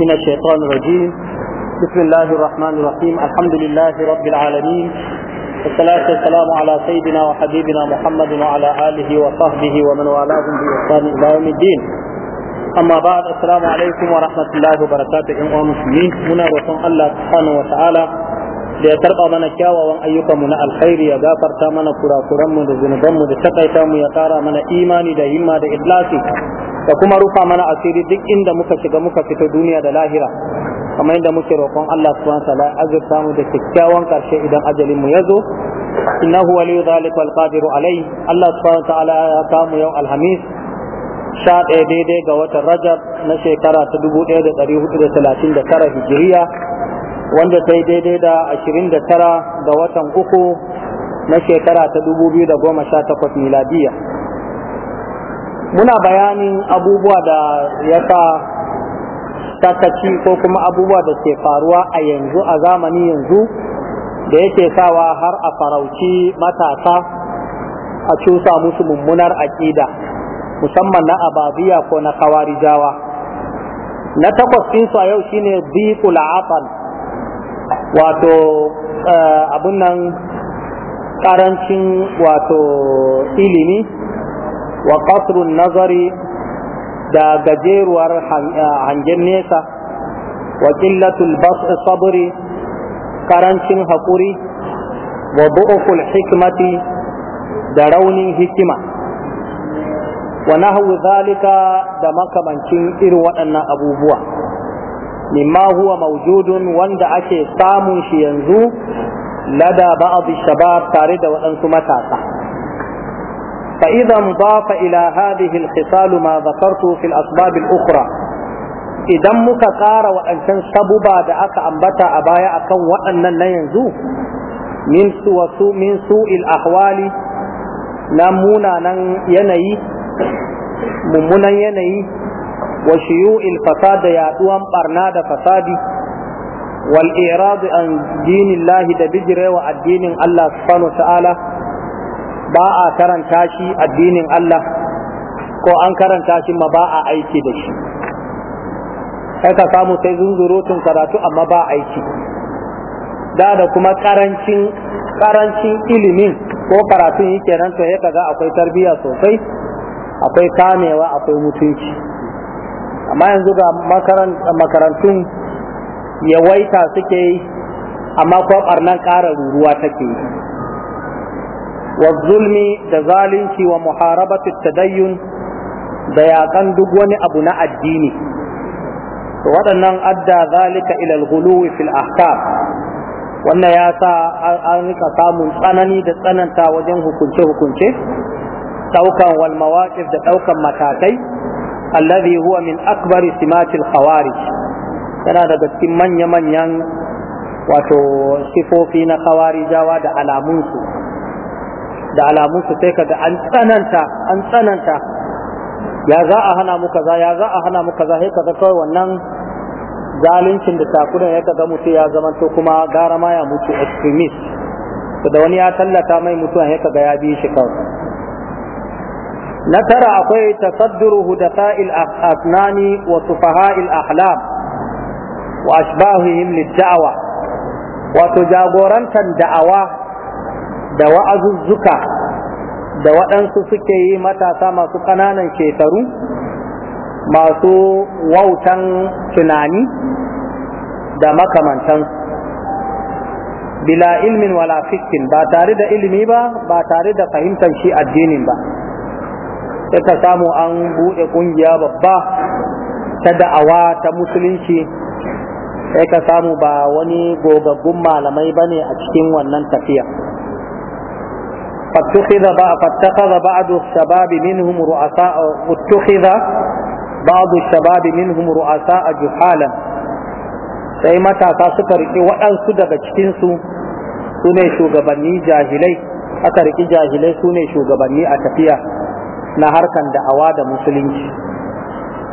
من الشيطان الرجيم بسم الله الرحمن الرحيم الحمد لله رب العالمين والصلاة والسلام على سيدنا وحبيبنا محمد وعلى آله وصحبه ومن والاهم بإحسان إلى يوم الدين أما بعد السلام عليكم ورحمة الله وبركاته أيها المسلمين هنا رسول الله سبحانه وتعالى da من tarba وأن أيكم من الخير يا ya تامنا كرا kurakuranmu da zunubanmu da takaita mu ya kara mana imani da himma da kuma rufa mana asiri duk inda muka shiga muka fito duniya da lahira kamar yadda muke roƙon Allah subhanahu wa ta'ala azurta samu da kyakkyawan karshe idan ajalin mu ya zo innahu waliyu dhalika wal qadiru alai Allah subhanahu wa ta'ala ya kamu yau alhamis sha ɗaya daidai ga watan Rajab na shekara ta dubu ɗaya da ɗari hudu da talatin da tara hijiriya wanda ta yi daidai da ashirin da tara ga watan uku na shekara ta dubu biyu da goma sha takwas miladiya muna bayanin abubuwa da ya sa sakaci ko kuma abubuwa da ke faruwa a yanzu a zamani yanzu da yake sawa har a farauci matasa a cusa musu mummunar aƙida musamman na ababiya ko na kawarijawa na takwas ɗinsu a yau shine biƙul aqal wato eh, abun nan ƙarancin wato ilimi wa qatrun nazari da gajeruwar eh, hangen nesa wa qillatul sabri karancin haƙuri wa bu'uful hikmati da raunin hikima wa nahwu zalika da makamancin irin waɗannan abubuwa mimma huwa wanda ake samun shi yanzu lada ba'd shabab tare da waɗansu matasa فإذا انضاف إلى هذه الخصال ما ذكرته في الأسباب الأخرى idan muka ƙara waɗancan sabuba da aka ambata a baya akan waɗannan na yanzu min su min ahwali na munanan yanayi mummunan yanayi wa shiyu'il fasad da yaduwan barna da fasadi wal irad an dinillahi da bijirewa addinin Allah subhanahu wa ta'ala ba a karanta shi addinin Allah ko an karanta shi ma ba a aiki da shi sai ka samu sai zunzurutun karatu amma ba aiki da da kuma karancin karancin ilimin ko karatun yake nan to ya kaga akwai tarbiyya sosai akwai kamewa akwai mutunci amma yanzu ga makarantun yawaita suke yi amma ko barnan ƙara ruruwa take yi wa zulmi da zalunci wa muharabatu tadayyun da duk wani abu na addini waɗannan adda zalika ila al-ghuluwi fil ahkam wannan ya sa an rika samun tsanani da tsananta wajen hukunce-hukunce ɗaukan wal mawaƙif da ɗaukan matakai alladhi huwa min akbari simatil khawarij yana da cikin manya-manyan wato sifofi na khawarijawa da alamunsu da alamunsu sai kaga an tsananta an tsananta ya za a hana mu kaza ya za a hana mu kaza sai kaga kawai wannan zaluncin da takudan ya kaga mutu ya zama to kuma gara ma ya mutu extremist to da wani ya tallata mai mutuwa ya kaga ya bi shi kawai na tara akwai tasadduru hudata'il asnani wa sufaha'il ahlam wa ashbahihim lid-da'wa wato jagorantar da'awa da wa'azuzzuka da waɗansu suke yi matasa masu ƙananan shekaru masu wautan tunani da makamantansu bila ilmin wala fikin ba tare da ilimi ba ba tare da fahimtar shi addinin ba sai samu an buɗe ƙungiya babba ta da'awa ta musulunci sai samu ba wani gogaggun malamai ba ne a cikin wannan tafiya فاتخذ فاتخذ بعض الشباب منهم رؤساء اتخذ بعض الشباب منهم رؤساء جهالا sai matasa suka riƙi waɗansu daga cikinsu su ne shugabanni jahilai aka riƙi jahilai su ne shugabanni a tafiya na harkan da'awa da musulunci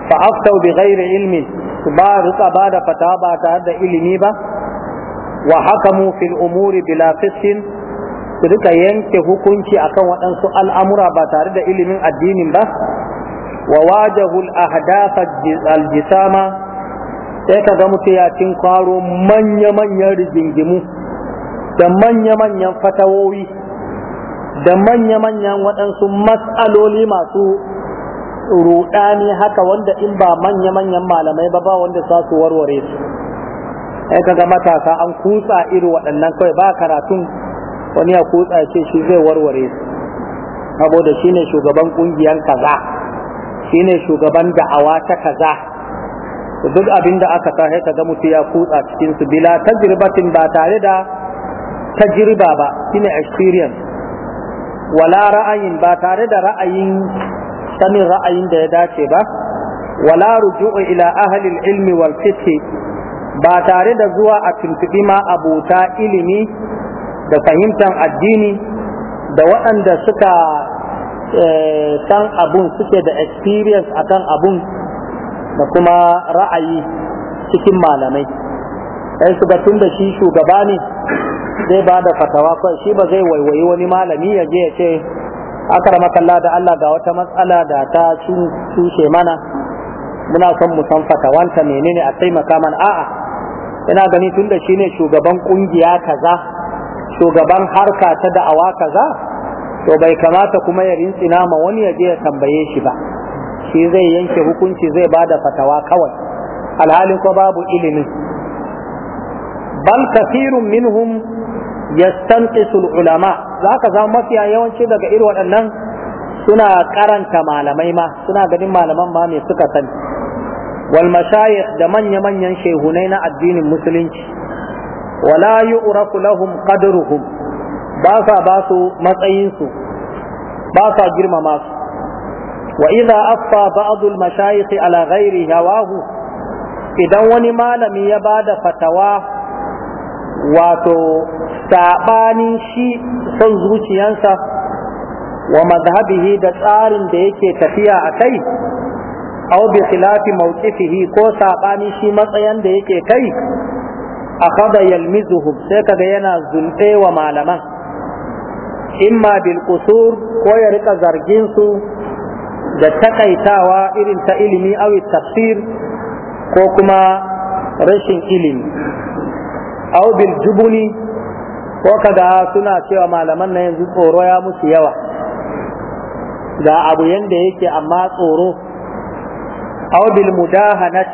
fa aftau bi ghairi ilmin ba rika ba da fata ba tare da ilimi ba wa hakamu fil umuri bila fiskin su rika yanke hukunci akan waɗansu al'amura ba tare da ilimin addinin ba wa wajahul ahdafa aljisama sai ka ga mutu yakin kwaro manya-manyan rigingimu da manya-manyan fatawowi da manya-manyan waɗansu matsaloli masu rudani haka wanda in ba manya-manyan malamai ba ba wanda za su warware su ai kaga matasa an kusa irin waɗannan kawai ba karatun wani ya kutsa ce shi zai warware su saboda ne shugaban kungiyan kaza ne shugaban da'awa ta kaza duk abin da aka sahe ga mutu ya kutsa cikin su bila jirbatin ba tare da tajriba ba shine experience wala ra'ayin ba tare da ra'ayin sanin ra'ayin da ya dace ba wala ruju'u ila ahli ilmi wal fiqh ba tare da zuwa a tuntubi ma abota ilimi da fahimtar addini da waɗanda suka eh, san abun suke da experience a kan abun da kuma ra'ayi cikin malamai ɗan su tun da shi shugaba ne zai ba da fatawa kawai shi ba zai waiwayi wani malami ya je ya ce aka makalla da Allah ga wata matsala da ta cushe mana muna son mu san fatawanta menene a taimaka mana a'a ina gani tun da shi ne shugaban kungiya kaza shugaban harka ta da'awa kaza to bai kamata kuma ya rintsina ma wani ya je ya tambaye shi ba shi zai yanke hukunci zai bada fatawa kawai alhalin ko babu ilimi. bal kasirun minhum yastanqisu ulama zaka zama mafiya yawanci daga irin waɗannan suna karanta malamai ma suna ganin malaman ma me suka sani wal mashayikh da manya manyan shehunai na addinin musulunci wala yu'raku lahum qadruhum ba sa ba su matsayin su ba sa girmama su wa idza affa ba'd al mashayikh ala ghairi hawahu idan wani malami ya bada fatawa wato sabanin shi son zuciyansa wa madhhabihi da tsarin da yake tafiya a kai aw bi khilafi mawqifihi ko sabanin shi matsayin da yake kai akhadha yalmizuhum sai kaga yana zulfe wa malaman imma bil qusur ko ya rika zargin su da takaitawa irin ta ilimi aw tafsir ko kuma rashin ilimi aw bil jubuni ko kaga suna cewa malaman na yanzu tsoro ya musu yawa ga abu yanda yake amma tsoro aw bil mudahanat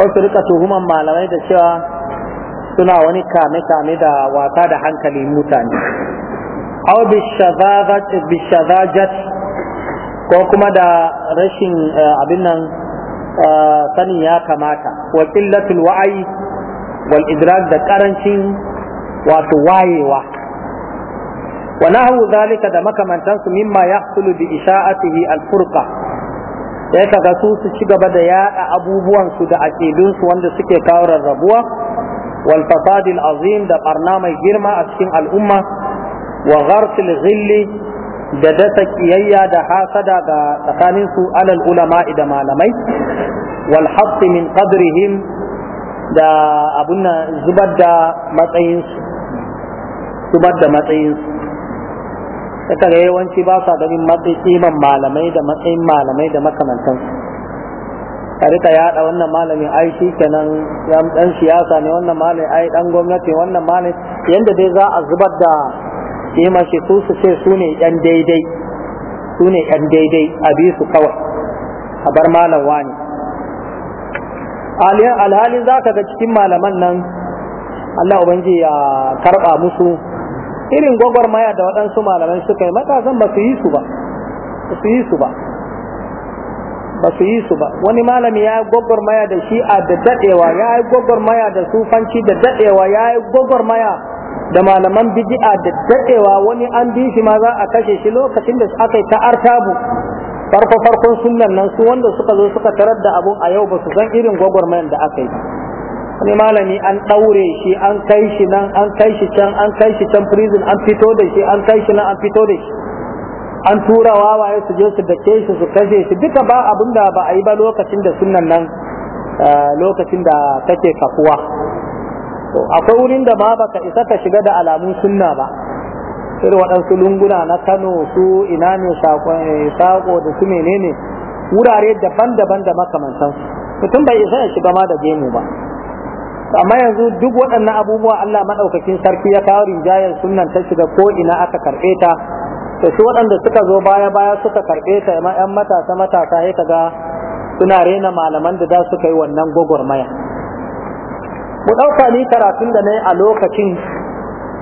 ko su rika tuhuman malamai da cewa suna wani kame-kame da wasa da hankali mutane au bishazajat ko kuma da rashin eh, abin nan eh, sanin ya kamata wa qillatul wa'ai wal idrak da karancin wato wayewa wa nahu zalika da makamantansu mimma yahsulu bi isha'atihi al furqa sai kaga su su ci gaba da yada abubuwansu da aƙidunsu wanda suke kawo rarrabuwa wal fasadil azim da barna mai girma a cikin al'umma wa gharsil ghilli da dasa kiyayya da hasada ga tsakanin su alal ulama da malamai wal hadd da abun zubar da matsayin su zubar yawanci ba sa ganin matsayin malamai da matsayin malamai da makamantansu a rika yada wannan malamin ai shi kenan ya dan siyasa ne wannan malamin ai dan gwamnati wannan malamin yanda dai za a zubar da kima shi su su ce su ne yan daidai su ne yan daidai a bi su kawai a bar malam wani alhalin za ka ga cikin malaman nan Allah ubangi ya karba musu irin gwagwarmaya da waɗansu malaman suka yi matasan ba su yi su ba su yi su ba ba su yi su ba wani malami ya yi gwagwarmaya da shi'a da daɗewa ya yi gwagwarmaya da sufanci da daɗewa ya yi gwagwarmaya da malaman bidi'a da daɗewa wani an bi shi ma za a kashe shi lokacin da aka yi ta artabu farko farkon sunnan nan su wanda suka zo suka tarar da abun a yau ba su san irin gwagwarmayan da aka yi wani malami an ɗaure shi an kai shi nan an kai shi can an kai shi can prison an fito da shi an kai shi nan an fito da shi an tura wawaye su je su dake shi su kashe shi duka ba abin da ba a yi ba lokacin da sunan nan eh, lokacin da take kafuwa akwai wurin da ma baka isa ka shiga da alamun sunna ba sai waɗansu lunguna na kano su ina ne saƙo eh, da su menene wurare daban-daban da makamantan mutum bai isa ya shiga ma da gemu ba amma yanzu duk waɗannan abubuwa Allah maɗaukakin sarki ya kawo rinjayar sunan ta shiga ko ina aka karɓe ta Sai su waɗanda suka zo baya baya suka karɓe ta ma ƴan matasa matasa sai kaga suna rena malaman da za su kai wannan gwagwarmaya mu ɗauka ni karatun da na yi a lokacin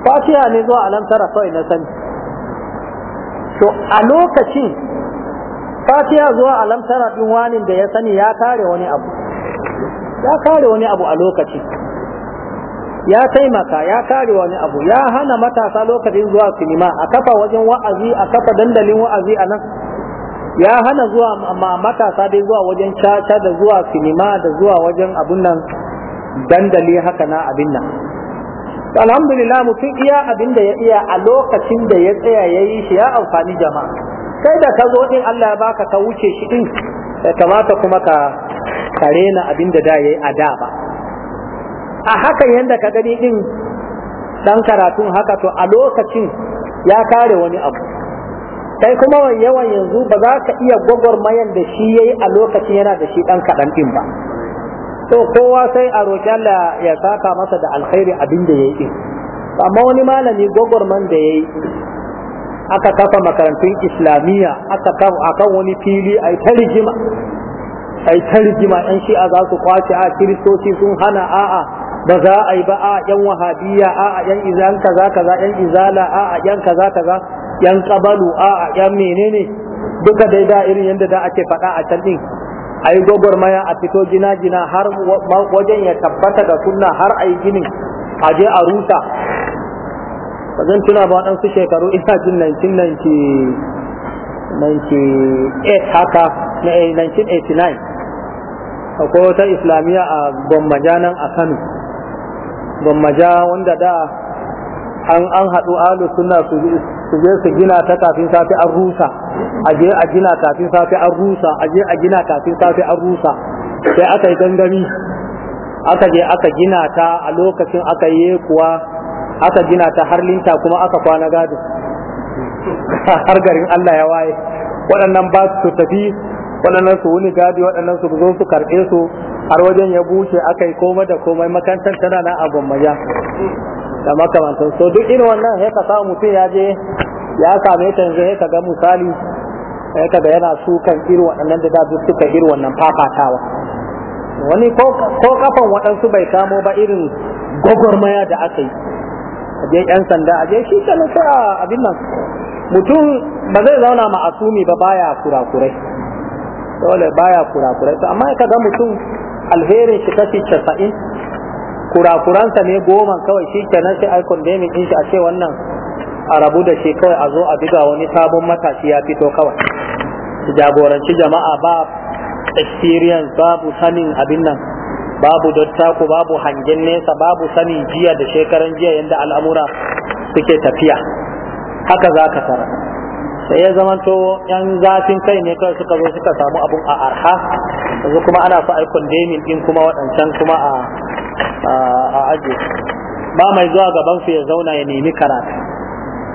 fatiya ne zuwa alam tara kawai na sani to a lokacin fatiya zuwa alam tara ɗin wani da ya sani ya kare wani abu ya kare wani abu a lokacin ya taimaka ya kare wani abu ya hana matasa lokacin zuwa sinima a kafa wajen wa'azi a kafa dandalin wa'azi a nan ya hana zuwa ma matasa dai zuwa wajen caca da zuwa sinima da zuwa wajen abun nan dandali haka na abin nan alhamdulillah mutum iya abin da ya iya a lokacin da ya tsaya ya yi shi ya amfani jama'a kai da ka zo din Allah ya baka ka wuce shi din kamata kuma ka na abin da da yayi a da ba a haka yanda ka gani din dan karatun haka to a lokacin ya kare wani abu sai kuma yawan yanzu ba za ka iya gwagwarmayan da shi yayi a lokacin yana da shi dan kaɗan din ba to kowa sai a roƙi Allah ya saka masa da alkhairi abin da yayi din amma wani malami gwagwarman da yayi aka kafa makarantun islamiyya aka kafa akan wani fili ai ta rigima ai ta rigima yan shi'a za su kwace a kiristoci sun hana a'a ba za a yi ba a yan wahabiya a a yan izan kaza kaza yan izala a a yan kaza kaza yan kabalu a a yan menene duka dai da irin yadda da ake faɗa a can din a yi gwagwarmaya a fito gina-gina har wajen ya tabbata da sunna har a yi ginin a je a rusa ba zan tuna ba waɗansu shekaru ina jin 1998 haka na 1989 eh, akwai wata islamiyya a gwammaja a kano gwammaja wanda da an an haɗu alu suna su je su gina ta kafin safi an rusa a je a gina kafin safi an rusa a je a gina kafin safi an rusa sai aka yi gangami aka je aka gina ta a lokacin aka yi kuwa aka gina ta har linta kuma aka kwana gado har garin Allah ya waye waɗannan ba su tafi waɗannan su wuni gadi waɗannan su zo su karɓe su har wajen ya bushe aka yi komai da komai makantar tana na abin maja da makamantar so duk irin wannan ya ka samu mutum ya je ya same ta yanzu ya ka ga misali ya ka ga yana sukan irin waɗannan da duk suka irin wannan fafatawa wani ko kafan waɗansu bai kamo ba irin gwagwarmaya da aka yi aje yan sanda aje shi ta nasara a abin nan mutum ba zai zauna ma'asumi ba baya kurakurai dole baya kurakurai amma ka ga mutum alherin shi kashi casa'in kurakuransa ne goma kawai shi kenan shi ai condemning din shi a ce wannan a rabu da shi kawai a zo a diga wani sabon matashi ya fito kawai jagoranci jama'a ba experience babu sanin abin nan babu dattaku babu hangen nesa babu sanin jiya da shekaran jiya yadda al'amura suke tafiya haka za ka tara sai ya zama to yan zafin kai ne kawai suka zo suka samu abun a arha yanzu kuma ana fa aikon demin din kuma waɗancan kuma a a aje ba mai zuwa gaban su ya zauna ya nemi karatu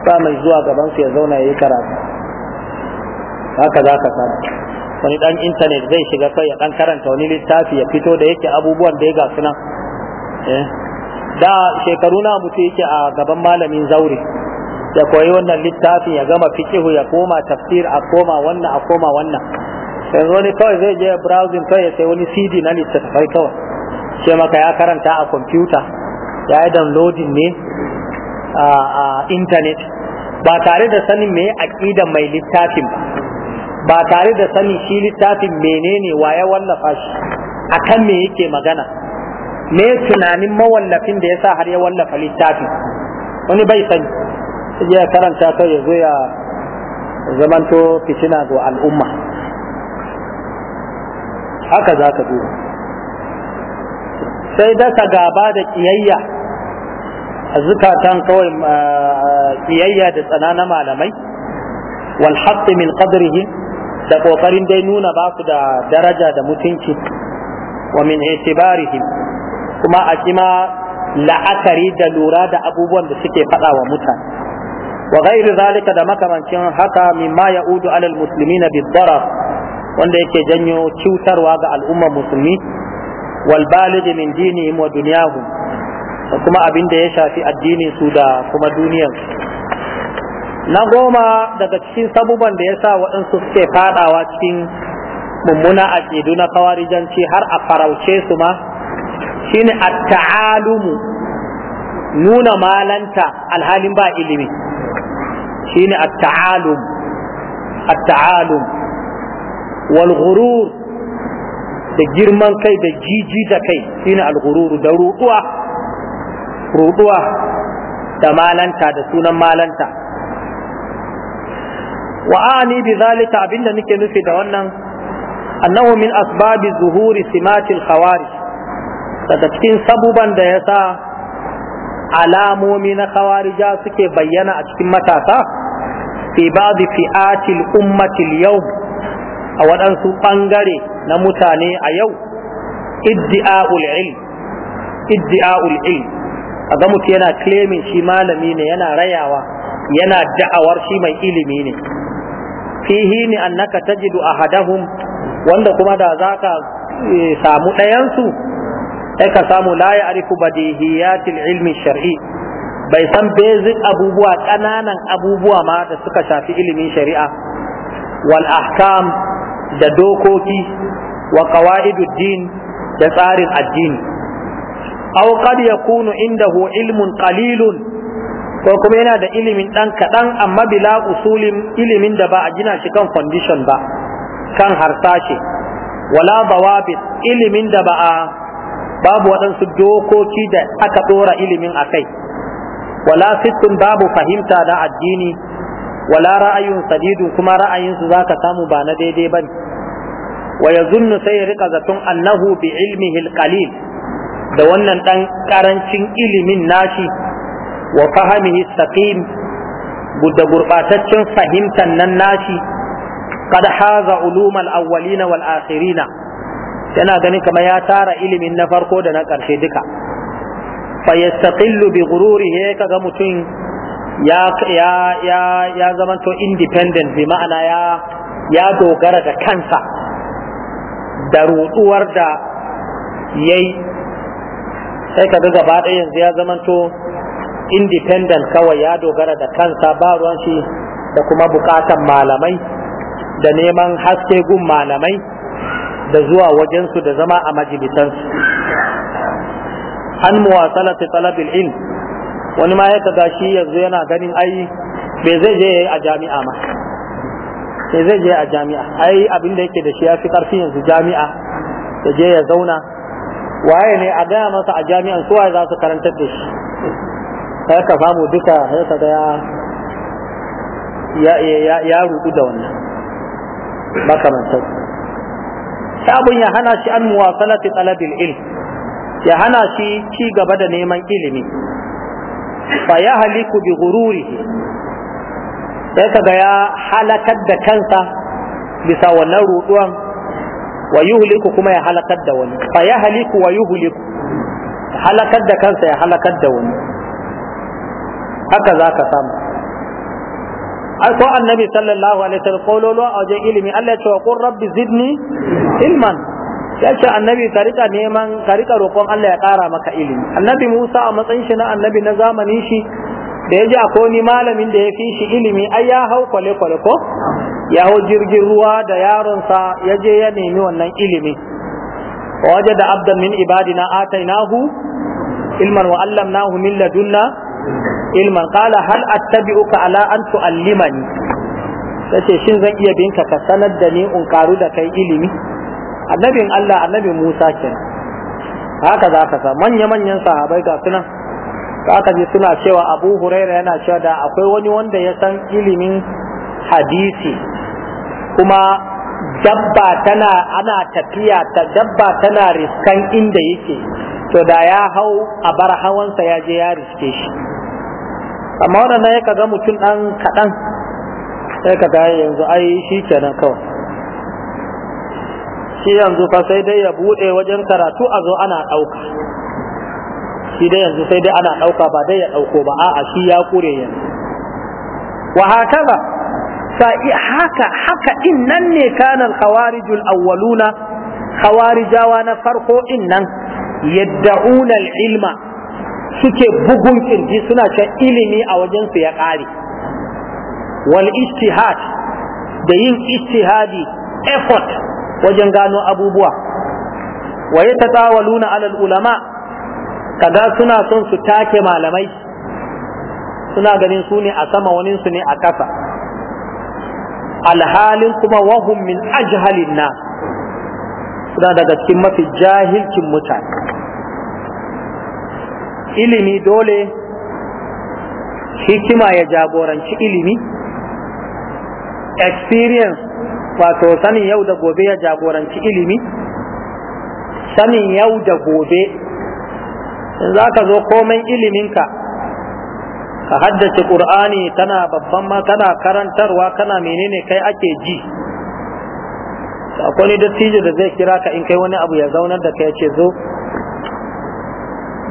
ba mai zuwa gaban su ya zauna ya yi karatu haka za ka sami. wani dan intanet zai shiga kai ya dan karanta wani littafi ya fito da yake abubuwan da ya ga sunan eh. da shekaru na mutu yake a gaban malamin zaure ya koyi wannan littafin ya gama fikihu ya koma tafsir a koma wannan a koma wannan yanzu wani kawai zai je browsing kawai ya sai wani cd na littattafai kawai Sai maka ya karanta a kwamfuta ya yi downloading ne a intanet ba tare da sanin me aƙidan mai littafin ba ba tare da sanin shi littafin menene waye wallafa shi akan me yake magana me tunanin mawallafin da yasa har ya wallafa littafin wani bai sani ya karanta ta ya zo ya zamanto fitina ga al'umma haka za ka duba sai dasa gaba da kiyayya a zukatan kawai kiyayya da tsana na malamai wal haqqi min qadrihi da ƙoƙarin dai nuna ba su da daraja da mutunci wa min itibarihim kuma a kima la'akari da lura da abubuwan da suke faɗa wa mutane wa ghairi zalika da makamancin haka mimma ya'udu alal muslimina bid-darar wanda yake janyo cutarwa ga al'ummar musulmi wal baligh min dinihim wa dunyahum da kuma abin da ya shafi addinin su da kuma duniyar na goma daga cikin sabuban da ya sa waɗansu suke fadawa cikin mummuna aqidu na kawarijanci har a farauce su ma shine at-ta'alumu nuna malanta alhalin ba ilimi shine at-ta'alum at-ta'alum wal ghurur da girman kai da jiji da kai shine al ghurur da ruduwa ruduwa da malanta da sunan malanta wa ani bi zalika abinda nake nufi da wannan annahu min asbabi zuhuri simatil khawarij daga cikin sabuban da yasa alamomi na khawarija suke bayyana a cikin matasa fi ba'di fi'atil ummatil yau a waɗansu ɓangare na mutane a yau iddi'a'ul ilm iddi'a'ul ilm a ga yana claimin shi malami ne yana rayawa yana da'awar shi mai ilimi ne fihi ne annaka tajidu ahadahum wanda kuma da zaka eh, samu ɗayansu sai ka samu la ya'rifu badihiyatil ilmi shar'i bai san basic abubuwa ƙananan abubuwa ma da suka shafi ilimin shari'a wal ahkam da dokoki wa qawaiduddin da tsarin addini aw qad yakunu indahu ilmun qalilun ko kuma yana da ilimin dan kaɗan amma bila usulin ilimin da ba a gina shi kan condition ba kan harsashi. wala bawabit ilimin da ba a babu waɗansu dokoki da aka ɗora ilimin a kai wala fittun babu fahimta na addini wala ra'ayun sadidu kuma ra'ayinsu za ka samu ba na daidai ba ne wa ya zunnu sai ya rika zaton annahu bi ilmihi qalil da wannan ɗan ƙarancin ilimin nashi wa fahimihi saqim da gurɓataccen fahimtar nan nashi qad haza ulumar awwalina wal akhirina yana ganin kamar ya tara ilimin na farko da na ƙarshe duka fa yastaqillu bi ka kaga mutum ya ya ya ya to independent bi ma'ana ya ya dogara da kansa da ruduwar da yayi sai kaga gaba ɗaya yanzu ya zamanto independent kawai ya dogara da kansa ba ruwan shi da kuma bukatan malamai da neman haske gun malamai da zuwa wajensu da zama a majalisansu an muwasalati talabil in wani ma ya kaga shi yanzu yana ganin ai bai zai je a jami'a ma sai zai je a jami'a ai abin da yake da shi ya fi karfi yanzu jami'a ya je ya zauna waye ne a gaya masa a jami'an su waye za su karantar da shi sai ka samu duka ya ka ya ya ya rudu da wannan makamantar ta abin ya hana shi an muwasalati talabil ilm ya hana shi ci gaba da neman ilimi fa ya haliku bi gururihi sai kaga ya halakar da kansa bisa wannan ruduwan wa yuhliku kuma ya halakar da wani fa ya haliku wa yuhliku halakar da kansa ya halakar da wani haka zaka samu ko annabi sallallahu alaihi wasallam kololo a wajen ilimi Allah ya ce rabbi zidni ilman ya ce annabi ka neman tarika roƙon Allah ya ƙara maka ilimi annabi Musa a matsayin shi na annabi na zamanin shi da ya ji akwai koni malamin da ya fi shi ilimi ai ya hau kwale kwale ko ya hau jirgin ruwa da yaronsa ya je ya nemi wannan ilimi waje da abdan min ibadina atainahu ilman wa allamnahu min ladunna ilman qala hal attabi'uka ala an tu'allimani Sace shin zan iya binka ka sanar da ni in karu da kai ilimi annabin Allah annabin Musa kenan haka za ka sa manya manyan sahabai ga ka ka ji suna cewa Abu Huraira yana cewa da akwai wani wanda ya san ilimin hadisi kuma dabba tana ana tafiya ta dabba tana riskan inda yake to da ya hau a bar hawansa ya je ya riske shi amma waɗannan ya kaga mutum ɗan kaɗan sai ka gaya yanzu ai shi kenan kawai shi yanzu fa sai dai ya buɗe wajen karatu a zo ana ɗauka shi dai yanzu sai dai ana ɗauka ba dai ya ɗauko ba a'a shi ya kure yanzu wa hakaza fa haka haka nan ne kana al-khawarijul awwaluna khawarijawa na farko innan yadda'una al-ilma suke bugun kirji suna can ilimi a wajensu ya ƙare wal istihad da yin istihadi effort wajen gano abubuwa wa yatatawaluna alal ulama kaga suna son su take malamai suna ganin su ne a sama wani ne a ƙasa alhalin kuma wahum min ajhalin na suna daga cikin mafi jahilcin mutane ilimi dole hikima ya jagoranci ilimi experience wato sanin yau da gobe ya jagoranci ilimi sanin yau da gobe za ka zo komai iliminka ka haddace ƙur'ani tana babban ma kana karantarwa kana menene kai ake ji akwai ni dattijo da zai kira ka in kai wani abu ya zaunar da kai ya ce zo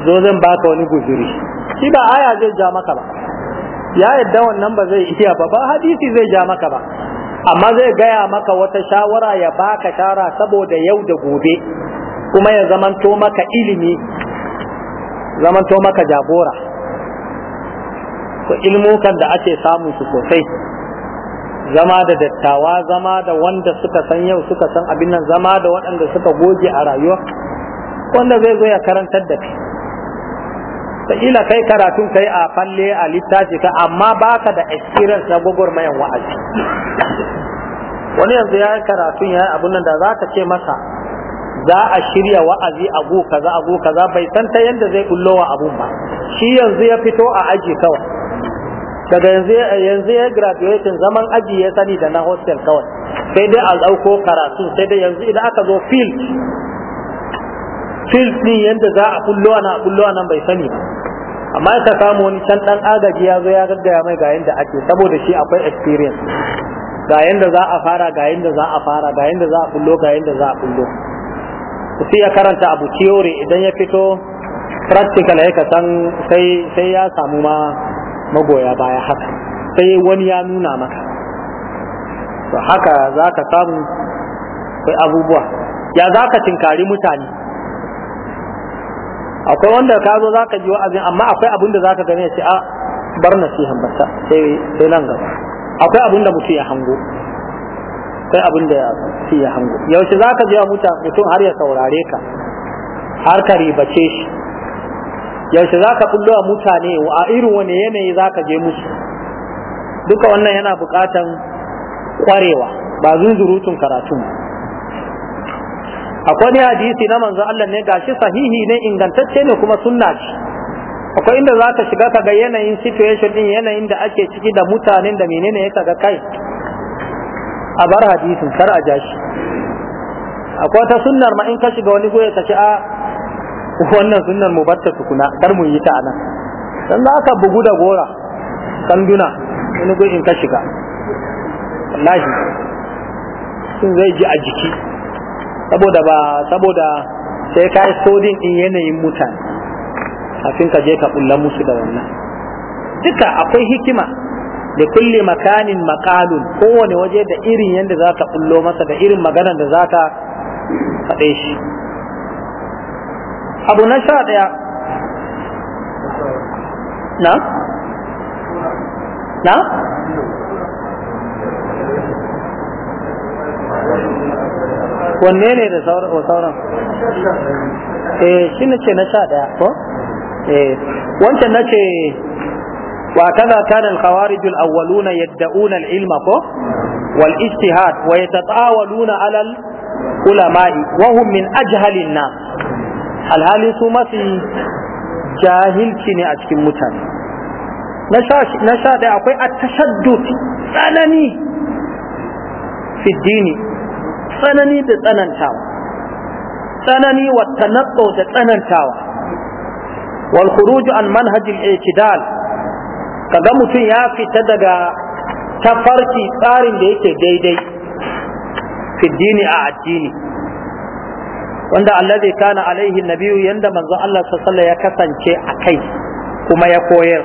zo zan baka wani guzuri shi ba aya zai ja maka ba ya yadda wannan ba zai iya ba ba hadisi zai ja maka ba amma zai gaya maka wata shawara ya baka shara saboda yau da gobe kuma ya zamanto maka ilimi zamanto maka jagora ko ilmukan da ake samu su sosai zama da dattawa zama da wanda suka san yau suka san abin nan zama da waɗanda suka goge a rayuwa wanda zai zo ya karantar da kai wataƙila kai karatun kai a falle a littafi ka amma baka da experience na mayan wa'azi wani yanzu ya yi karatun ya yi abun nan da za ka ce masa za a shirya wa'azi a go kaza a go kaza bai san ta yadda zai kullowa abun ba shi yanzu ya fito a aji kawai daga yanzu yanzu ya graduating zaman aji ya sani da na hostel kawai sai dai a dauko karatun sai dai yanzu idan aka zo field field din yadda za a kullo ana kullo nan bai sani ba amma ka samu wani can dan agaji ya zo ya gaggaya mai ga yanda ake saboda shi akwai experience ga yanda za a fara ga yanda za a fara ga yanda za a bullo ga yanda za a bullo sai ya karanta abu theory idan ya fito practical ya ka san sai sai ya samu ma magoya baya haka sai wani ya nuna maka to haka za ka samu kai abubuwa ya za ka tinkari mutane akwai wanda ka zo zaka ji wa'azin amma akwai abin da zaka gane shi a bar nasihan bata sai sai nan gaba akwai abin da mutum ya hango akwai abin da mutum ya hango yaushe zaka ji mutum mutum har ya saurare ka har ka ribace shi yaushe zaka kullo wa mutane a irin wani yanayi zaka je musu duka wannan yana bukatan kwarewa ba zunzurutun karatun akwai hadisi na manzo Allah ne gashi sahihi ne ingantacce ne kuma sunna ce akwai inda za ka shiga kaga yanayin situation din yanayin da ake ciki da mutanen da menene ya kaga kai a bar hadisin kar a jashi akwai ta sunnar ma in ka shiga wani goye ka ce a ah, wannan sunnar mu batta tukuna kar mu yi ta anan dan za ka bugu da gora kanduna wani goye in ka shiga wallahi sun zai ji a jiki saboda ba saboda sai ka yi sodin in yanayin mutane kafin ka je ka kulla musu da wannan duka akwai hikima da kulle makanin makalun kowane waje da irin yadda za ka kullo masa da irin maganar da za ka faɗe shi abu na sha ɗaya na? na? wanne ne da sauran eh shi na ce na sha daya ko eh wancan na ce wa kaza kana al-khawarij al-awwaluna yad'una al-ilma ko wal ijtihad wa yatatawaluna ala al-ulama'i wa hum min ajhalin nas alhali su mafi jahilci ne a cikin mutane na sha daya akwai at-tashaddud tsanani fi dini tsanani da tsanantawa tsanani wa tanatto da tsanantawa wal khuruj an manhaj al i'tidal kaga mutum ya fita daga tafarki tsarin da yake daidai fi dini a addini wanda allazi kana alaihi nabiyu yanda manzo Allah sallallahu ya kasance a kai kuma ya koyar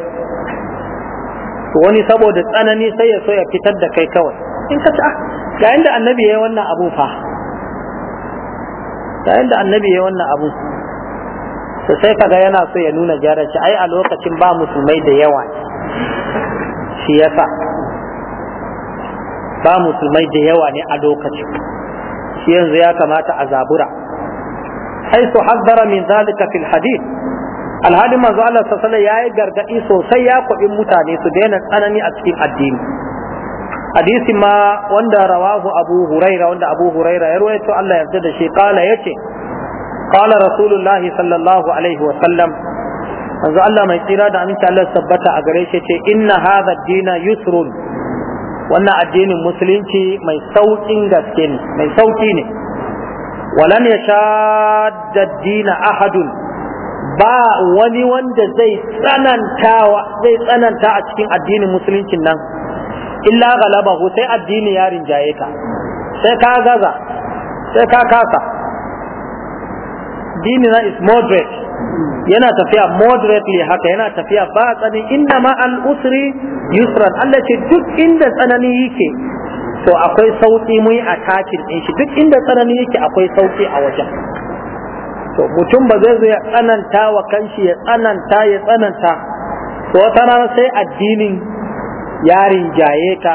wani saboda tsanani sai ya so ya fitar da kai kawai in ka ah, ga yanda annabi ya yi wannan abu fa ga yanda annabi ya yi wannan abu to sai kaga yana so ya nuna jaranci ai a lokacin ba musulmai da yawa shi yasa ba musulmai da yawa ne a lokacin shi yanzu ya kamata a zabura haisu hazzara min zalika fil hadith Alhadin manzo Allah sallallahu alaihi wasallam yayi gargadi sosai ya kwabi mutane su daina tsanani a cikin addini hadisin ma wanda rawahu abu huraira wanda abu huraira ya ruwaito Allah yarda da shi kala yace kala rasulullah sallallahu alaihi wa sallam manzo Allah mai tsira da aminta Allah tabbata a gare shi ce inna hadha dina yusrun wannan addinin musulunci mai saukin gaske ne mai sauki ne walan yashadda dina ahadun ba wani wanda zai tsananta zai tsananta a cikin addinin musuluncin nan illa galabahu sai addini ya rinjaye ka sai ka gaza sai ka kasa dini na is moderate yana tafiya moderately haka yana tafiya ba tsani inna ma al usri yusran Allah ce duk inda tsanani yake to akwai sauki mu yi attachin din shi duk inda tsanani yake akwai sauki a wajen to mutum ba zai zo ya tsananta wa kanshi ya tsananta ya tsananta to wata rana sai addinin yarin jaye ta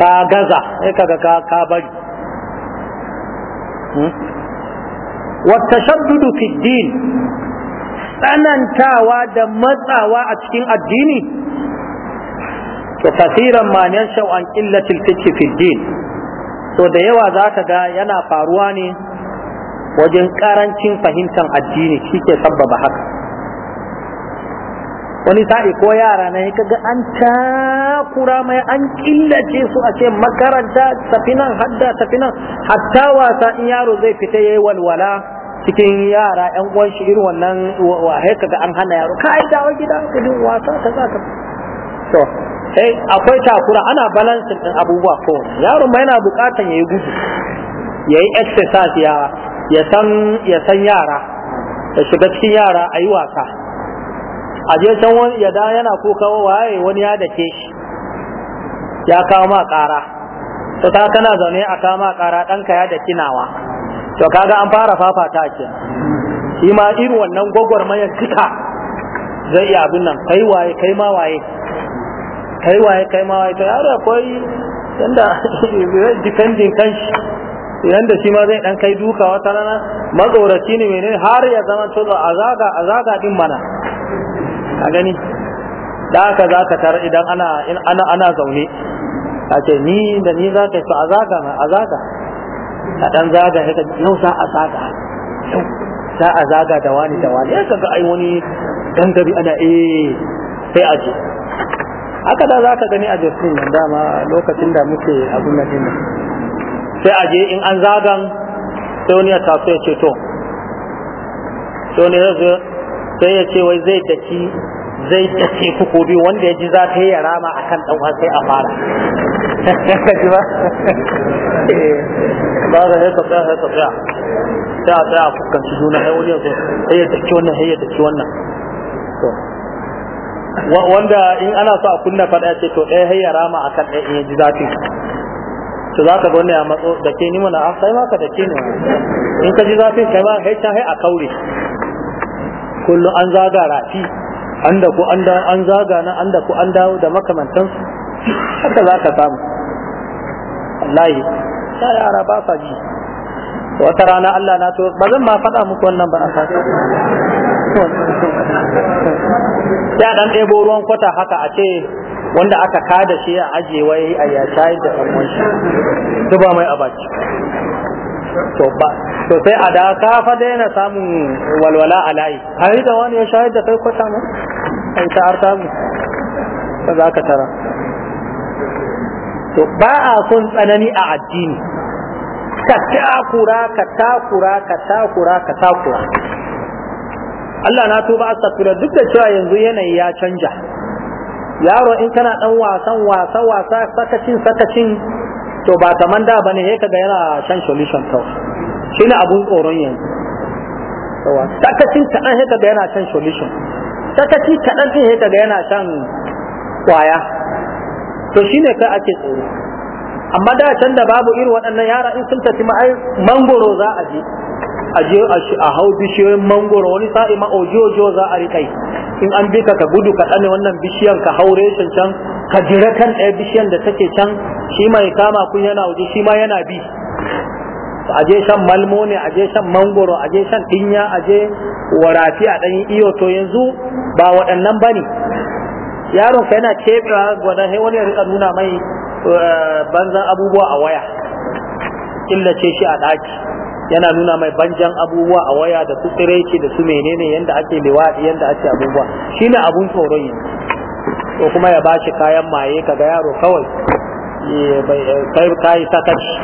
ka gaza sai kaga ka ka bari hmm? wata tashaddudu fi din tsanantawa da matsawa a cikin addini to kasiran ma shau an illatil fiqh fi din so da yawa za ka ga yana faruwa ne wajen karancin fahimtar addini shike ke sabbaba haka wani sa'i ko yara na ga an takura mai an killace su a ce makaranta tafi nan hadda tafi nan hatta wasa in yaro zai fita yayi walwala cikin yara yan uwan shi irin wannan wa ga an hana yaro ka ai dawo gida ka din wasa ka za ka to sai akwai takura ana balancing din abubuwa ko yaro mai yana bukatan yayi gudu yayi exercise ya ya san ya san yara ya shiga cikin yara ayi wasa a je can wani ya da yana kuka waye wani ya dake shi ya kawo ma ƙara to ta kana zaune a kawo ma ƙara ɗanka ya dace nawa to kaga an fara fafata ke shi ma irin wannan gwagwarmayar duka zai iya abin nan kai waye kai ma waye kai waye kai ma waye to yaro akwai yanda difendin kanshi yanda shi ma zai dan kai duka wata rana matsoraci ne menene har ya zama to a zaga a zaga din mana a gani da aka za ka tara idan ana ana ana zaune a ce ni da ni za ka su a zaga ma a zaga a dan zaga ya yau sa a zaga sa a zaga da wani da wani ya ga ai wani gari ana eh sai a je haka da za ka gani a jesu nan dama lokacin da muke abin nan din sai a je in an zagan sai wani ya taso ya ce to sai wani ya sai ya ce wai zai daki zai daki kuku biyu wanda ya ji za ta yi rama a kan ɗan sai a fara ba ba da ya tafiya ya tafiya sai a tsaya a fuskanci juna sai wani yanzu sai ya daki wannan sai ya daki wannan wanda in ana so a kunna faɗa ya ce to ɗaya sai ya rama a kan ɗaya in ya ji zafi to za ka gwanda ya matso da ke ni mana a sai ma ka da ke ni in ka ji zafin kai ma kai can hai a kaure kullum an zaga rafi an da ku an zaga na an da ku an dawo da makamantansu haka za ka samu wallahi ta yara ba sa ji wata rana Allah na to ba zan ma faɗa muku wannan ba a sake ya dan ɗebo ruwan kwata haka a ce wanda aka kada shi a ajiye wai a ya da kuma shi? zuba mai a baki to sai a da ka fa daina samun walwala a layi har da wani ya shayar da kai ko mu ai ta arta mu ta za ka tara to ba a son tsanani a addini ka takura ka takura ka takura ka takura Allah na tuba astaghfirullah duk da cewa yanzu yanayi ya canja yaro in kana dan wasan wasa wasa sakacin sakacin to ba kaman da bane ya kaga yana shan solution kawai shi ne abun tsoron yanzu sakaci kaɗan ya kaga yana shan solution sakaci kaɗan sai kaga yana shan kwaya to shi ne kai ake tsoro amma da can da babu irin waɗannan yara in sun tafi ma'ai mangoro za a je a je a hau bishiyoyin mangoro wani sa'i ma ojojo za a rikai in an bi ka ka gudu ka tsane wannan bishiyan ka haure reshen can ka jira kan ɗaya bishiyan da take can shi mai kama kun yana waje shi ma yana bi a je shan malmo ne a je shan mangoro a je shan tinya a je warafi a ɗanyen iyo to yanzu ba waɗannan ba ne yaron ka yana keɓewa gwada sai wani ya nuna mai eh, banzan abubuwa a waya killace shi a ɗaki yana nuna mai banjan abubuwa a waya da su tsiraici da su menene yanda ake liwaɗi yanda ake abubuwa shine abun tsoro ko kuma ya bashi kayan maye kaga yaro kawai kai kai sakaci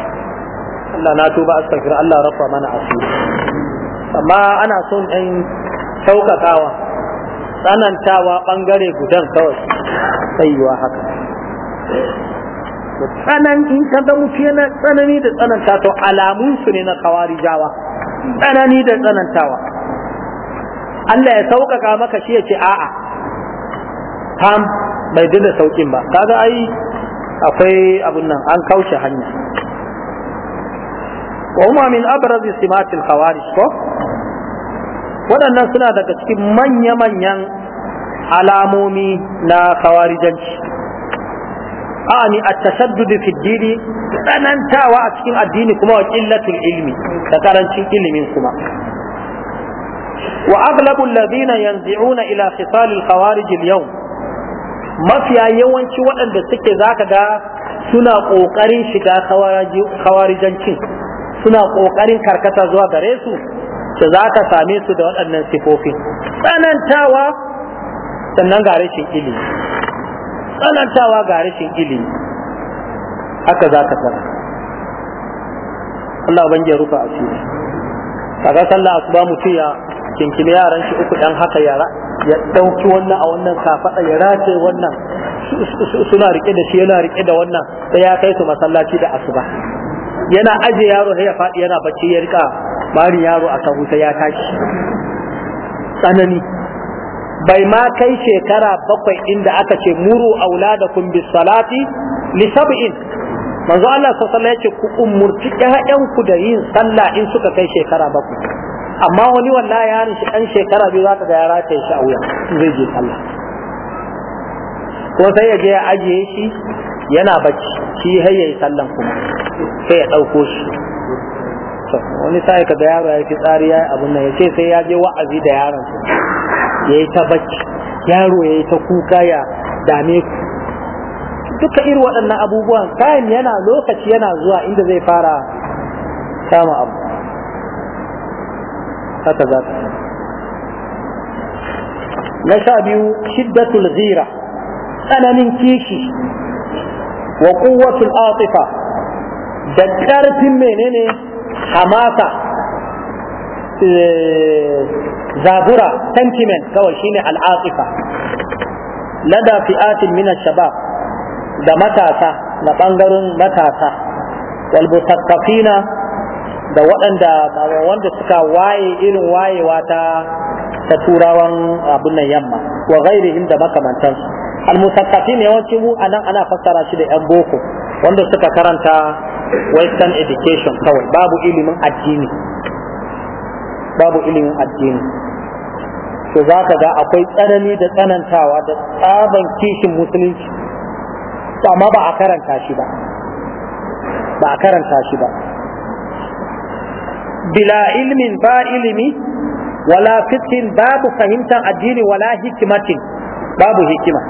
Allah na tuba astaghfir Allah rafa mana asiri amma ana son ɗan saukakawa tsanantawa bangare gudan kawai tsayuwa haka da tsanan in ka ga mutu yana tsanani da tsananta to alamun su ne na kawarijawa tsanani da tsanantawa Allah ya sauƙaƙa maka shi ya ce a'a tam bai da sauƙin ba kaga ai akwai abun nan an kauce hanya wa huma min abraz simatil khawarij ko waɗannan suna daga cikin manya-manyan alamomi na khawarijanci ani at-tashaddud fi ad-dini tsanantawa a cikin addini kuma wa ilimi ilmi da karancin ilimin kuma wa aghlabu alladhina yanzi'una ila khisal al-khawarij al mafiya yawanci waɗanda suke zaka ga suna ƙoƙarin shiga khawarijancin suna ƙoƙarin karkata zuwa gare su da za ka same su da waɗannan sifofin tsanantawa sannan ga rashin ilimi tsanantawa ga rashin ilimi haka za ka tsara Allah ban ya rufa asiri kaga sallah asuba mutum ya kinkime yaran shi uku dan haka yara ya dauki wannan a wannan kafada ya race wannan suna rike da shi yana rike da wannan sai ya kai su masallaci da asuba yana aje yaro sai ya faɗi yana bacci ya rika bari yaro a kan wuta ya tashi tsanani bai ma kai shekara bakwai inda aka ce muru auladakum bis salati li sab'in manzo Allah sallallahu alaihi wasallam ku umurci ƴaƴan ku da yin sallah in suka kai shekara bakwai amma wani wallahi ya ni dan shekara biyu zaka ga ya rataye shi a wuya zai je sallah ko sai ya je ya ajiye shi yana bacci shi har yayi sallan kuma sai ya dauko shi wani sai ka da yaro ya fi tsari ya abun nan ya ce sai ya je wa'azi da yaron ya yi ta bacci yaro ya yi ta kuka ya dame ku duka irin waɗannan abubuwan kayan yana lokaci yana zuwa inda zai fara kama abu haka za ta na sha biyu shiddatul zira tsananin kishi wa kuwatul atifa da ƙarfin menene hamata? Eh, zabura sentiment kawai shine al'aqifa lada fi'atin min shabab da matasa na bangaren matasa wal mutaqqafina da waɗanda wanda suka waye irin wayewa ta ta turawan abun nan yamma wa ghairihim da makamantan al mutaqqafin yawanci mu anan ana fassara shi da yan boko wanda suka karanta western education kawai babu ilimin addini babu ilimin addini to za ka ga akwai tsanani da tsanantawa da tsaban kishin musulunci amma ba a karanta shi ba ba a karanta shi ba bila ilmin ba ilimi wala fitin babu fahimtar addini wala hikimatin babu hikima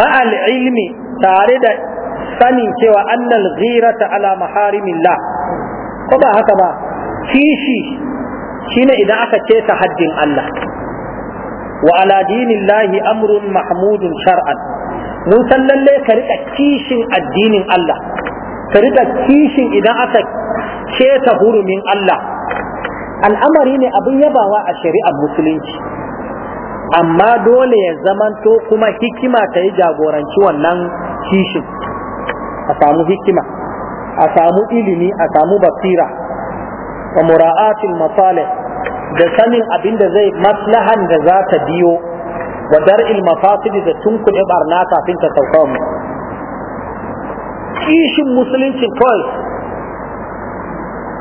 ma'al ilmi tare da sanin cewa annal ghirata ala maharimillah ko ba haka ba kishi shine idan aka ce ta haddin Allah wa ala dinillahi amrun mahmudun shar'an mun san lalle ka rika kishin addinin Allah ka rika kishin idan aka ce ta hurumin Allah al'amari ne abin yabawa a shari'ar musulunci amma dole ya zamanto kuma hikima ta yi jagoranci wannan kishin a samu hikima a samu ilimi a samu basira wa mura'atin masalih da sanin abin da zai maslahan da za ta biyo wa dar'il mafasidi da tunkuɗe barna kafin ta sauka mu kishin musulunci kawai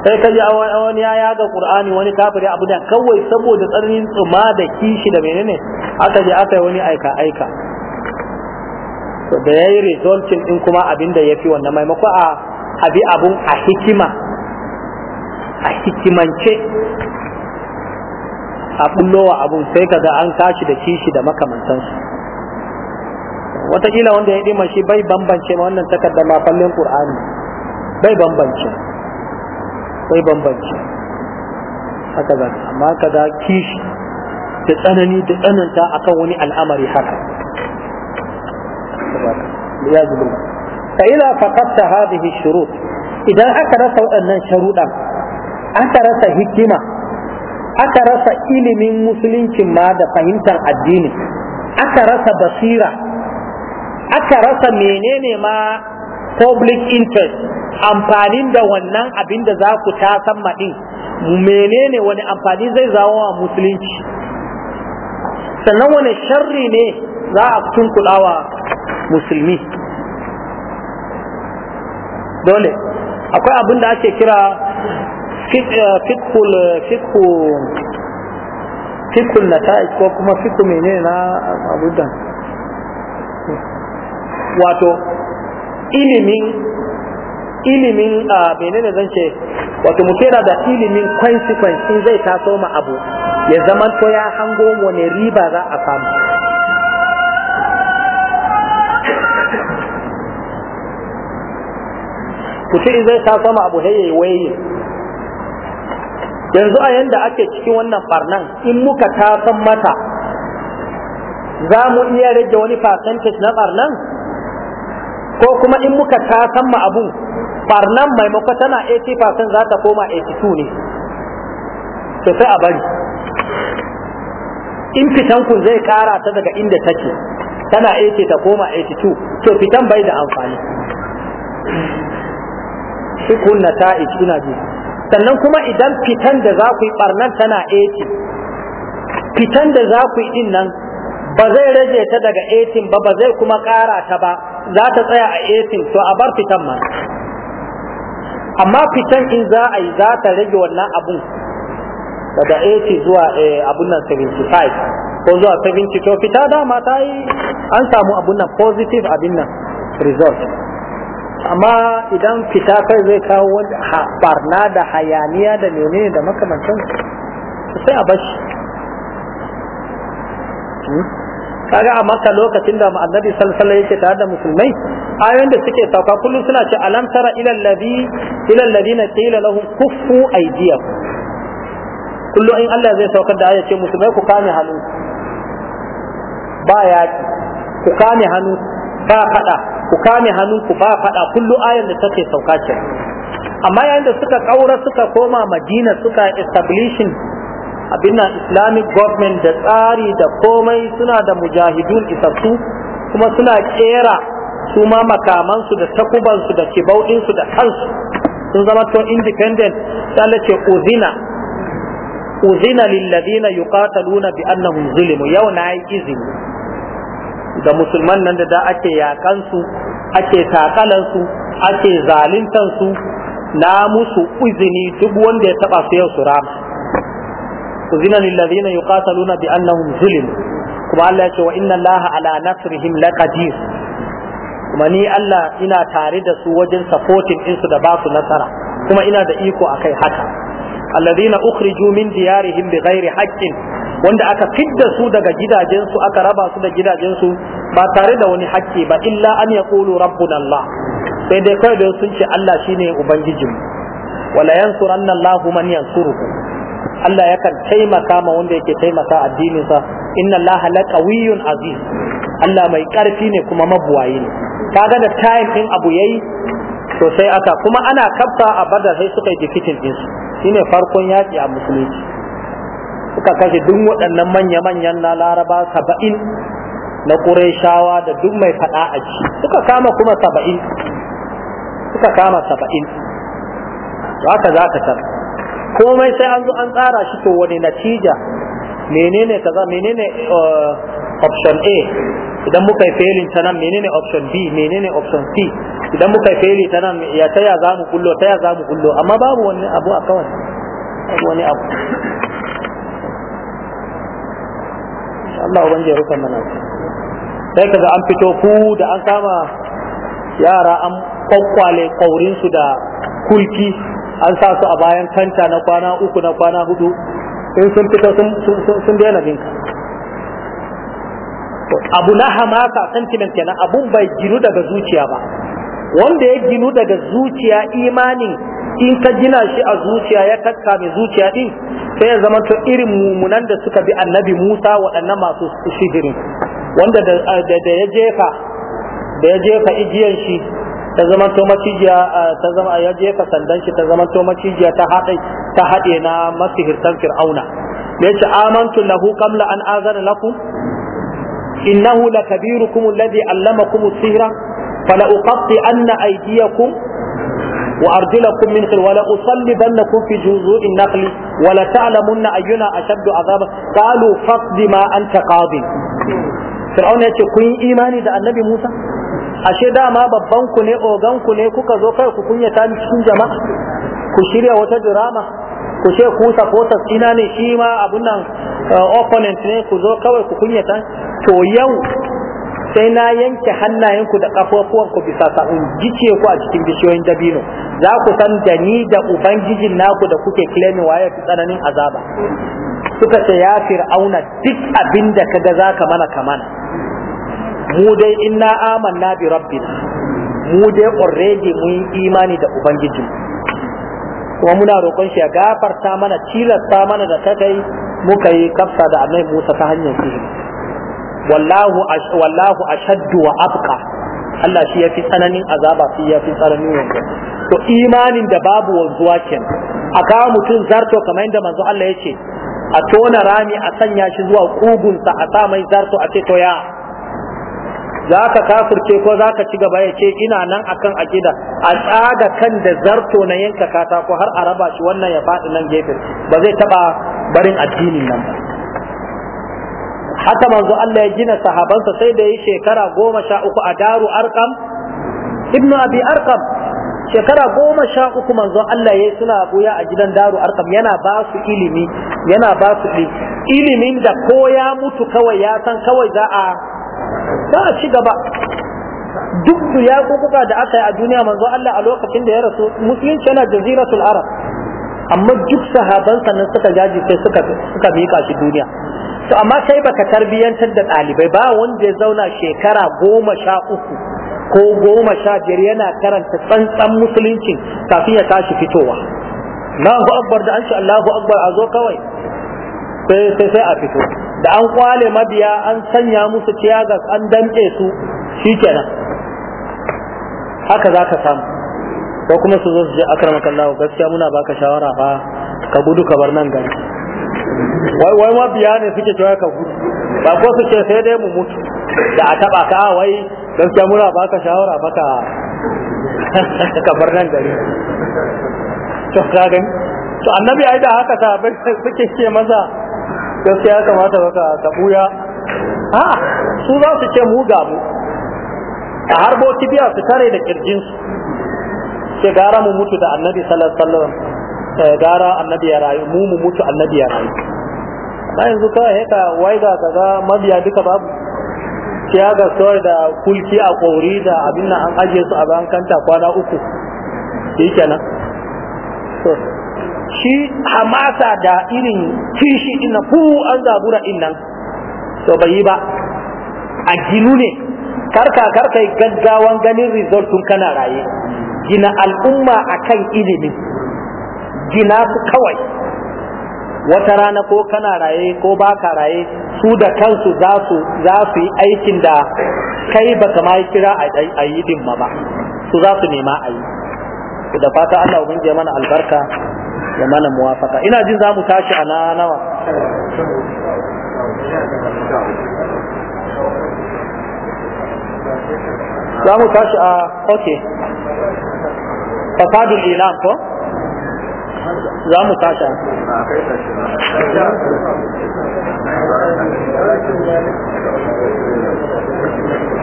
sai ka a wani ya yaga qur'ani wani kafiri abu da kawai saboda tsananin tsuma da kishi da menene aka je aka yi wani aika aika da ya yi resulting din kuma abin da ya fi wannan maimako a abi abun a hikima a hikimance a bullowa abun sai kaga an kashi da kishi da makamantansu watakila wanda ya dima shi bai bambance ma wannan takardar ma fallin qur'ani bai bambance bai bambance haka za amma kaga kishi da tsanani da tsananta akan wani al'amari haka ya zubi fa idza faqadta hadhihi shurut idan aka rasa waɗannan sharuɗan aka rasa hikima aka rasa ilimin musuluncin ma da fahimtar addini aka rasa basira aka rasa menene ma public interest amfanin da wannan abin da za ku ta san maɗin menene wani amfani zai zawo wa musulunci sannan wani sharri ne za a tunkulawa musulmi dole akwai abin da ake kira fikul na ta ko kuma fikul mene na abudan wato ilimin ilimin a menene zan ce wato mu kera da ilimin consequence in zai taso ma abu ya zaman to ya hango wane riba za a samu mutum in zai taso ma abu hey waye yanzu a yanda ake cikin wannan farnan in muka tasan mata za mu iya rage wani percentage na farnan ko kuma in muka tasan ma abun barnan maimako tana 80% za ta koma 82 ne to sai a bari in fitan ku zai kara ta daga inda take tana 80 ta koma 82 to fitan bai da amfani sukun nata'ij ina ji sannan kuma idan fitan da za ku yi barnan tana 80 fitan da za ku yi din nan ba zai rage ta daga 18 ba ba zai kuma ƙara ta ba za ta tsaya a 18 to a bar fitan ma amma fitan in za a yi za ta rage wannan abun daga 80 zuwa eh, abun nan 75 ko zuwa 70 to fita dama ta yi an samu abun nan positive abin nan result amma idan fita kai zai kawo barna da hayaniya da nene da makamancin sai a bashi hmm? kaga a maka lokacin da annabi sallallahu yake tare da musulmai ayoyin da suke sauka kullum suna ce alam tara ila allazi ila allazina qila lahum kuffu aydiyakum kullum in Allah zai saukar da aya ce musulmai ku kame hannu ba ya ku kame hannu ba fada ku kame hannunku ba faɗa kullu ayan da take sauka ce amma yayin da suka ƙaura suka koma madina suka establishing abin nan islamic government da tsari da komai suna da mujahidun isassu kuma suna kera su ma makamansu da takubansu da kibauɗinsu da kansu sun zama to independent sai ce uzina uzina lillazina yuqataluna bi annahum zulimu yau na yi izini da musulman nan da da ake yakansu ake takalansu ake zalintansu na musu izini duk wanda ya taba su yau su rama uzina lillazina yuqataluna bi annahum zulim kuma Allah ya ce wa inna Allah ala nasrihim laqadir kuma ni Allah ina tare da su wajen supporting din su da ba su nasara kuma ina da iko akai haka alladhina ukhriju min diyarihim bighairi haqqin wanda aka fidda su daga gidajensu aka raba su da gidajensu ba tare da wani hakki ba illa an ya ƙulu rabbun Allah sai dai kawai don sun ce Allah shine ubangijin wala yansuranna Allah man yansuruhu Allah yakan taimaka ma wanda yake taimaka addininsa inna Allah la qawiyyun aziz Allah mai karfi ne kuma mabuwayi ne kaga da time din abu yayi to sai aka kuma ana kaffa a badar sai suka yi dikitin din su shine farkon yaki a musulunci suka kashe duk waɗannan manya-manyan na laraba saba'in na ƙureshawa da duk mai faɗa a ci suka kama kuma saba'in suka kama saba'in haka za ka tar komai sai an zo an tsara shi to wani natija menene kaza menene uh, option A idan muka yi failing ta nan menene option B menene option C idan muka yi faili ta nan ya ta ya za mu kullo ta ya za mu kullo amma babu wani abu a kawai wani abu Allah uban ya rufa mana sai kaga an fito ku da an kama yara an kwakwale kaurin su da kulki an sa su a bayan kanta na kwana uku na kwana hudu in sun fito sun daina binka abu na hamaka sentiment kenan abun bai ginu daga zuciya ba wanda ya ginu daga zuciya imanin in ka gina shi a zuciya ya kakka mai zuciya din sai ya zama to irin mumunan da suka bi annabi Musa waɗannan masu shigirin wanda da ya jefa da ya jefa igiyan shi ta zama to macijiya ta zama ya jefa sandan shi ta zama to macijiya ta haɗe ta haɗe na masihirtan fir'auna da amantu lahu qabla an azana lakum innahu lakabirukum alladhi allamakum as-sihra fala uqatti anna aydiyakum وأرجلكم من خلال ولأصلبنكم في جذوع النخل ولتعلمن أينا أشد عذابا قالوا فاقض ما أنت قاضي فرعون يقول كن إيماني ده النبي موسى ashe dama babban ku ne ogan ku ne kuka zo kai ku kunya ta cikin jama'a ku shirya wata drama ku ce ku supporters ina ne shi ma abun nan opponent ne ku zo kawai ku ta to yau sai na yanke hannayenku da ƙafafuwanku bisa sa'un gice ku a cikin bishiyoyin dabino za ku san da ni da ubangijin naku da kuke claiming waye fi tsananin azaba suka ce ya fir'auna duk abin da kaga za ka mana ka mana mu dai inna amanna bi rabbina mu dai already mun yi imani da ubangijin kuma muna roƙon shi ya gafarta mana tilasta mana da ta kai muka yi kafsa da annabi Musa ta hanyar sihiri wallahu wallahu ashaddu wa abqa Allah shi yafi tsananin azaba shi yafi tsananin yanzu to imanin da babu wanzuwa ken, a kawo mutum zarto kamar yadda manzo Allah ya ce a tona rami a sanya shi zuwa kugunsa a sa mai zarto a ce to ya za ka kafurce ko zaka ci gaba ya ce ina nan akan akida a tsaga kan da zarto na yanka katako har a raba shi wannan ya faɗi nan gefe ba zai taɓa barin addinin nan ba haka manzo Allah ya gina sahabansa sai da yi shekara goma sha uku a daru arkam ibnu abi arkam shekara goma sha uku manzo Allah ya suna buya a gidan daru arkam yana ba su ilimi yana ba su ilimin da ko ya mutu kawai ya san kawai za a za a ci gaba duk su ya kuka da aka yi a duniya manzo Allah a lokacin da ya rasu musulunci yana jaziratul arab amma duk sahabansa sannan suka jaji sai suka suka mika shi duniya to amma sai baka tarbiyantar da ɗalibai ba wanda ya zauna shekara goma sha uku ko goma sha biyar yana karanta tsantsan musuluncin kafin ya tashi fitowa Na ku akbar da an ce Allahu akbar a zo kawai sai sai a fito da an kwale mabiya an sanya musu ciyagas an damƙe su shikenan haka za samu ko kuma su zo su je akramakallahu gaskiya muna baka shawara ba. ka gudu ka bar nan gari wai wai biya ne suke cewa ka gudu ba ko suke sai dai mu mutu da a taba ka wai gaskiya muna baka shawara baka ka bar nan gari to ka gani to annabi ai da haka ta bai suke ce maza gaskiya ya kamata baka ka buya Ha, su za su ce mu ga mu a harbo kibiya su tare da kirjinsu sai gara mu mutu da annabi sallallahu alaihi wasallam Eh, gara annabi ya rayu mu mu mutu annabi ya rayu amma yanzu kawai haka wai ga kaza mabiya duka babu Kiya ga soyar da kulki a kori da abin nan an ajiye su a bayan kanta kwana uku shi kenan so shi hamasa da irin kishi inna ku an zabura innan to bai yi ba a ginu ne karka karka gaggawan ganin result tun kana raye gina al'umma akan ilimi Jina su kawai wata rana ko kana raye ko baka raye su da kansu za su yi aikin da kai baka ma kira a yi din ma ba su za su nema a yi da fata Allah ubin je mana albarka ya mana muwafaka ina jin za mu tashi a nawa za mu tashi a ok fasadul ilam ko za mu sata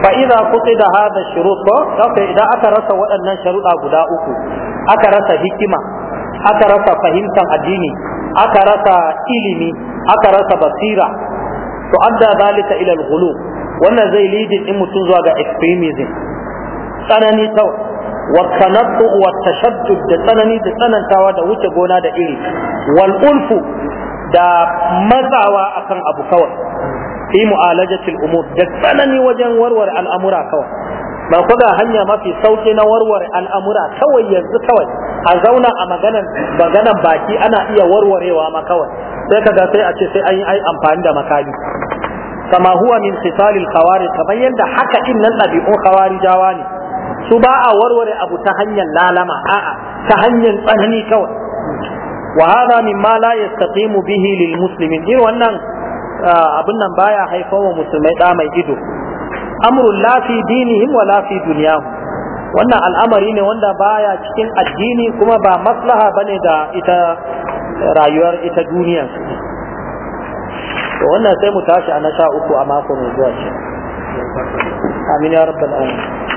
fa idza qutida hadha shurut ko okay idan aka rasa waɗannan sharuɗa guda uku aka rasa hikima aka rasa fahimtar addini aka rasa ilimi aka rasa basira to adda zalika ila al wannan zai lidin in mutum zuwa ga extremism tsanani kawai والتنطع والتشدد da tsanani da tsanantawa da wuce gona da iri wal ulfu da matsawa akan abu kawai fi mu'alajatil umur da tsanani wajen warware al'amura kawai ba ku da hanya mafi sauki na warware al'amura kawai yanzu kawai a zauna a maganan maganan baki ana iya warwarewa ma kawai sai kaga sai a ce sai anyi yi amfani da makami kama huwa min khisalil khawarij kamar yadda haka din nan ɗabi'un khawarijawa ne su ba a warware abu ta hanyar lalama a'a ta hanyar tsanani kawai wa hada mimma la yastaqimu bihi lil muslimin irin wannan abin nan baya haifar wa musulmai da mai ido amrul lafi fi dinihim wa lafi dunyahum wannan al'amari ne wanda baya cikin addini kuma ba maslaha bane da ita rayuwar ita duniya to wannan sai mu tashi a nasha uku a mako mai zuwa shi. amin ya rabbal alamin